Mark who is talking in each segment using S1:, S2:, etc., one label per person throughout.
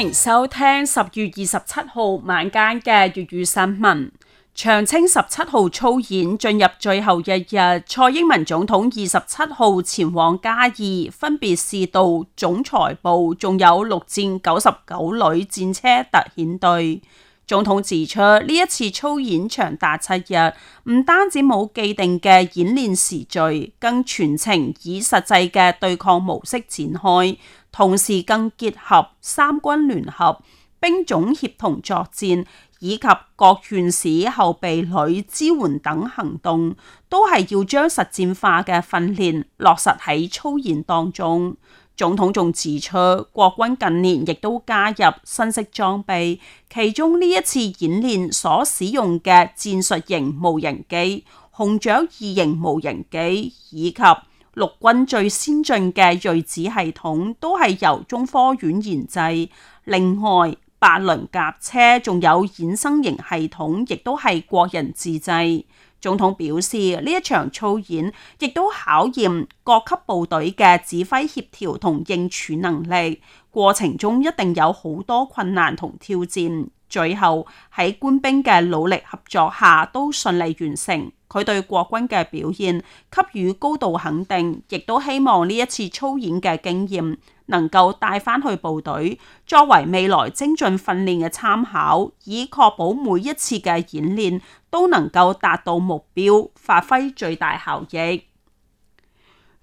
S1: 歡迎收聽十月二十七號晚間嘅粵語新聞。長青十七號操演進入最後一日，蔡英文總統二十七號前往嘉義，分別視導總裁部，仲有陸戰九十九旅戰車特遣隊。總統指出，呢一次操演長達七日，唔單止冇既定嘅演練時序，更全程以實際嘅對抗模式展開，同時更結合三軍聯合、兵種協同作戰以及各縣市後備旅支援等行動，都係要將實戰化嘅訓練落實喺操演當中。總統仲指出，國軍近年亦都加入新式裝備，其中呢一次演練所使用嘅戰術型無人機、紅掌二型無人機以及陸軍最先進嘅睿智系統，都係由中科院研製。另外，八輪甲車仲有衍生型系統，亦都係國人自製。總統表示，呢一場操演亦都考驗各級部隊嘅指揮協調同應處能力，過程中一定有好多困難同挑戰。最後喺官兵嘅努力合作下，都順利完成。佢對國軍嘅表現給予高度肯定，亦都希望呢一次操演嘅經驗能夠帶翻去部隊，作為未來精進訓練嘅參考，以確保每一次嘅演練都能夠達到目標，發揮最大效益。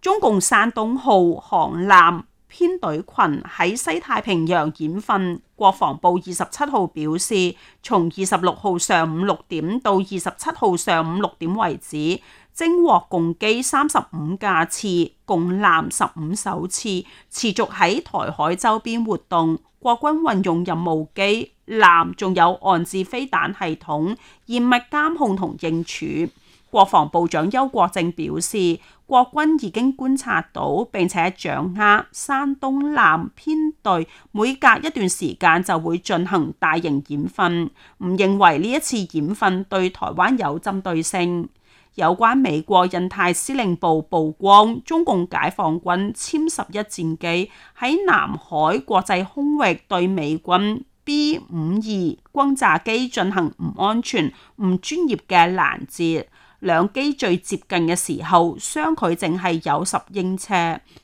S1: 中共山東號航艦，編隊群喺西太平洋演訓，國防部二十七號表示，從二十六號上午六點到二十七號上午六點為止，偵獲共機三十五架次，共艦十五首次，持續喺台海周邊活動。國軍運用任務機艦，仲有岸置飛彈系統嚴密監控同應處。國防部長邱國正表示，國軍已經觀察到並且掌握，山東艦編隊每隔一段時間就會進行大型演訓，唔認為呢一次演訓對台灣有針對性。有關美國印太司令部曝光，中共解放軍殲十一戰機喺南海國際空域對美軍 B 五二轟炸機進行唔安全、唔專業嘅攔截。兩機最接近嘅時候，相距淨係有十英尺。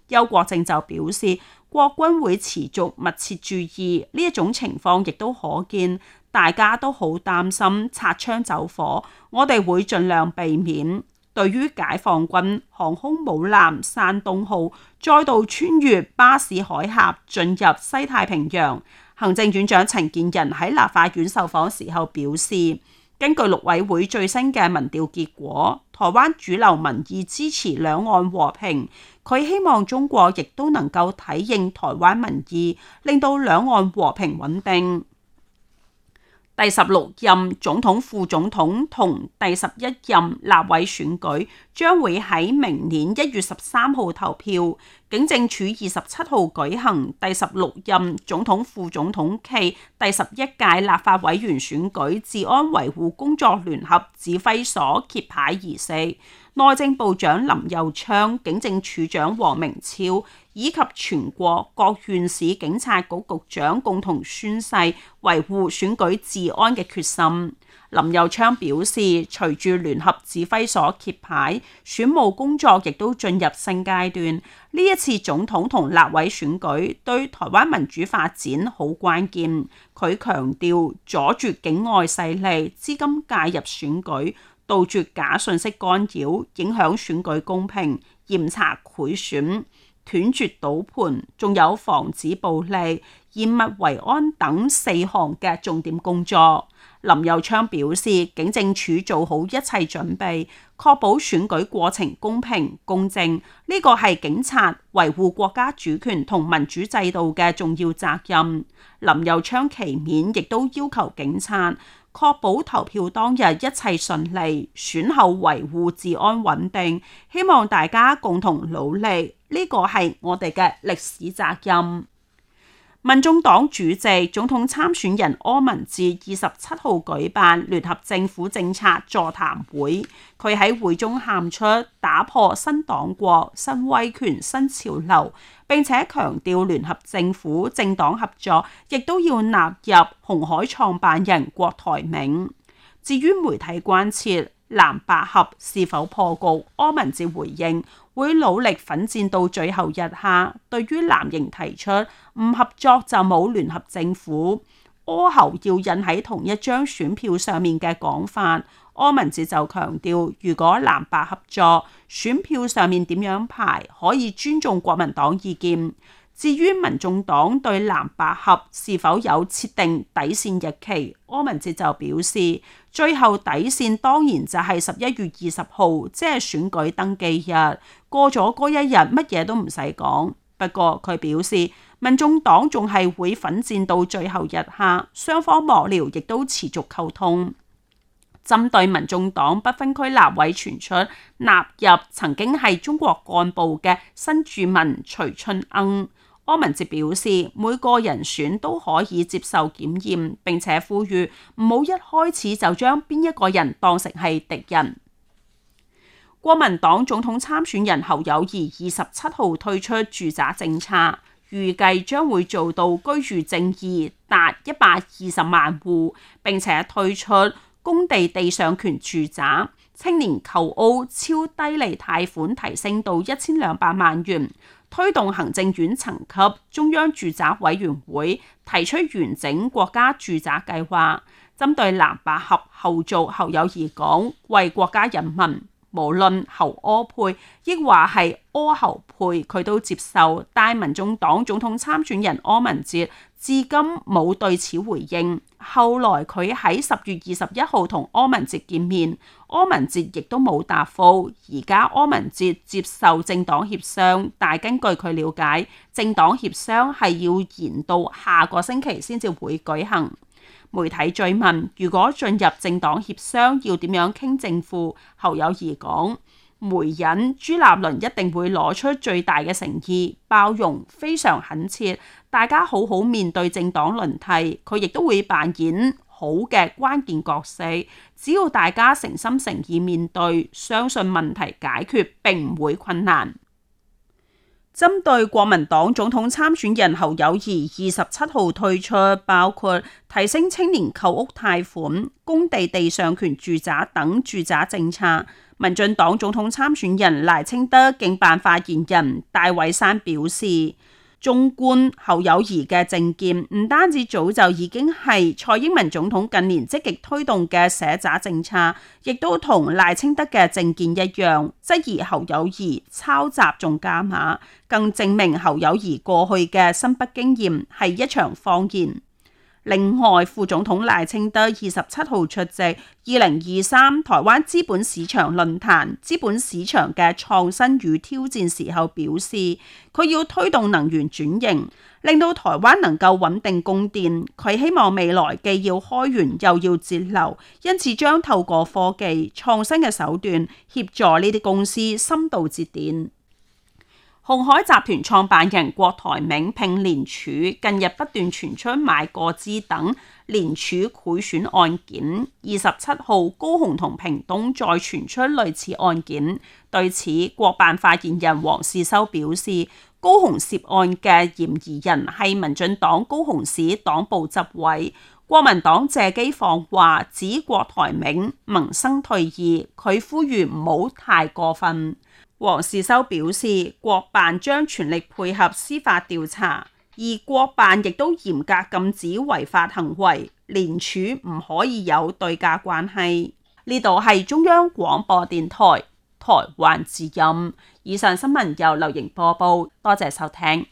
S1: 邱國正就表示，國軍會持續密切注意呢一種情況，亦都可見大家都好擔心擦槍走火，我哋會盡量避免。對於解放軍航空母艦山東號再度穿越巴士海峽進入西太平洋，行政院長陳建仁喺立法院受訪時候表示：根據陸委會最新嘅民調結果，台灣主流民意支持兩岸和平。佢希望中國亦都能夠體認台灣民意，令到兩岸和平穩定。第十六任總統、副總統同第十一任立委選舉將會喺明年一月十三號投票，警政署二十七號舉行第十六任總統、副總統暨第十一屆立法委員選舉治安維護工作聯合指揮所揭牌儀式，內政部長林右昌、警政署長黃明超，以及全國各縣市警察局局長共同宣誓維護選舉治安嘅決心。林右昌表示，隨住聯合指揮所揭牌，選務工作亦都進入新階段。呢一次總統同立委選舉對台灣民主發展好關鍵。佢強調，阻絕境外勢力資金介入選舉，杜絕假訊息干擾，影響選舉公平，嚴查賄選，斷絕賭盤，仲有防止暴力、嚴密維安等四項嘅重點工作。林右昌表示，警政署做好一切準備，確保選舉過程公平公正。呢個係警察維護國家主權同民主制度嘅重要責任。林右昌期勉亦都要求警察確保投票當日一切順利，選後維護治安穩定，希望大家共同努力。呢個係我哋嘅歷史責任。民眾黨主席、總統參選人柯文哲二十七號舉辦聯合政府政策座談會，佢喺會中喊出打破新黨國新威權新潮流，並且強調聯合政府政黨合作，亦都要納入鴻海創辦人郭台銘。至於媒體關切，藍白合是否破局？柯文哲回應會努力奮戰到最後日下。對於藍營提出唔合作就冇聯合政府，柯侯要印喺同一張選票上面嘅講法，柯文哲就強調：如果藍白合作，選票上面點樣排，可以尊重國民黨意見。至於民眾黨對藍白合是否有設定底線日期，柯文哲就表示，最後底線當然就係十一月二十號，即係選舉登記日。過咗嗰一日，乜嘢都唔使講。不過佢表示，民眾黨仲係會奮戰到最後日下，雙方幕僚亦都持續溝通。針對民眾黨不分區立委傳出納入曾經係中國幹部嘅新住民徐春鶯。柯文哲表示，每個人選都可以接受檢驗，並且呼籲唔好一開始就將邊一個人當成係敵人。國民黨總統參選人侯友宜二十七號退出住宅政策，預計將會做到居住正義達一百二十萬戶，並且退出公地地上權住宅。青年求澳超低利貸款提升到一千兩百萬元，推動行政院層級中央住宅委員會，提出完整國家住宅計劃，針對藍白合後造侯友宜講為國家人民，無論侯柯配，亦話係柯侯配，佢都接受。大民眾黨總統參選人柯文哲至今冇對此回應。後來佢喺十月二十一號同柯文哲見面，柯文哲亦都冇答覆。而家柯文哲接受政黨協商，但根據佢了解，政黨協商係要延到下個星期先至會舉行。媒體追問，如果進入政黨協商要點樣傾政府？侯友宜講，媒人朱立倫一定會攞出最大嘅誠意，包容非常懇切，大家好好面對政黨輪替，佢亦都會扮演好嘅關鍵角色。只要大家誠心誠意面對，相信問題解決並唔會困難。針對國民黨總統參選人侯友宜二十七號退出，包括提升青年購屋貸款、公地地上權住宅等住宅政策，民進黨總統參選人賴清德競辦發言人戴偉山表示。縱觀侯友宜嘅政見，唔單止早就已經係蔡英文總統近年積極推動嘅社宅政策，亦都同賴清德嘅政見一樣，質疑侯友宜抄襲仲加碼，更證明侯友宜過去嘅新北經驗係一場謊言。另外，副總統賴清德二十七號出席二零二三台灣資本市場論壇《資本市場嘅創新與挑戰》時候表示，佢要推動能源轉型，令到台灣能夠穩定供電。佢希望未來既要開源又要節流，因此將透過科技創新嘅手段協助呢啲公司深度節電。鴻海集團創辦人郭台銘聘連署，近日不斷傳出買個資等連署賄選案件。二十七號高雄同屏東再傳出類似案件。對此，郭辦發言人黃士修表示，高雄涉案嘅嫌疑人係民進黨高雄市黨部執委。國民黨借機放話指郭台銘萌生退意，佢呼籲唔好太過分。黃士修表示，郭辦將全力配合司法調查，而郭辦亦都嚴格禁止違法行為，連署唔可以有對價關係。呢度係中央廣播電台台灣之音，以上新聞由劉瑩播報，多謝收聽。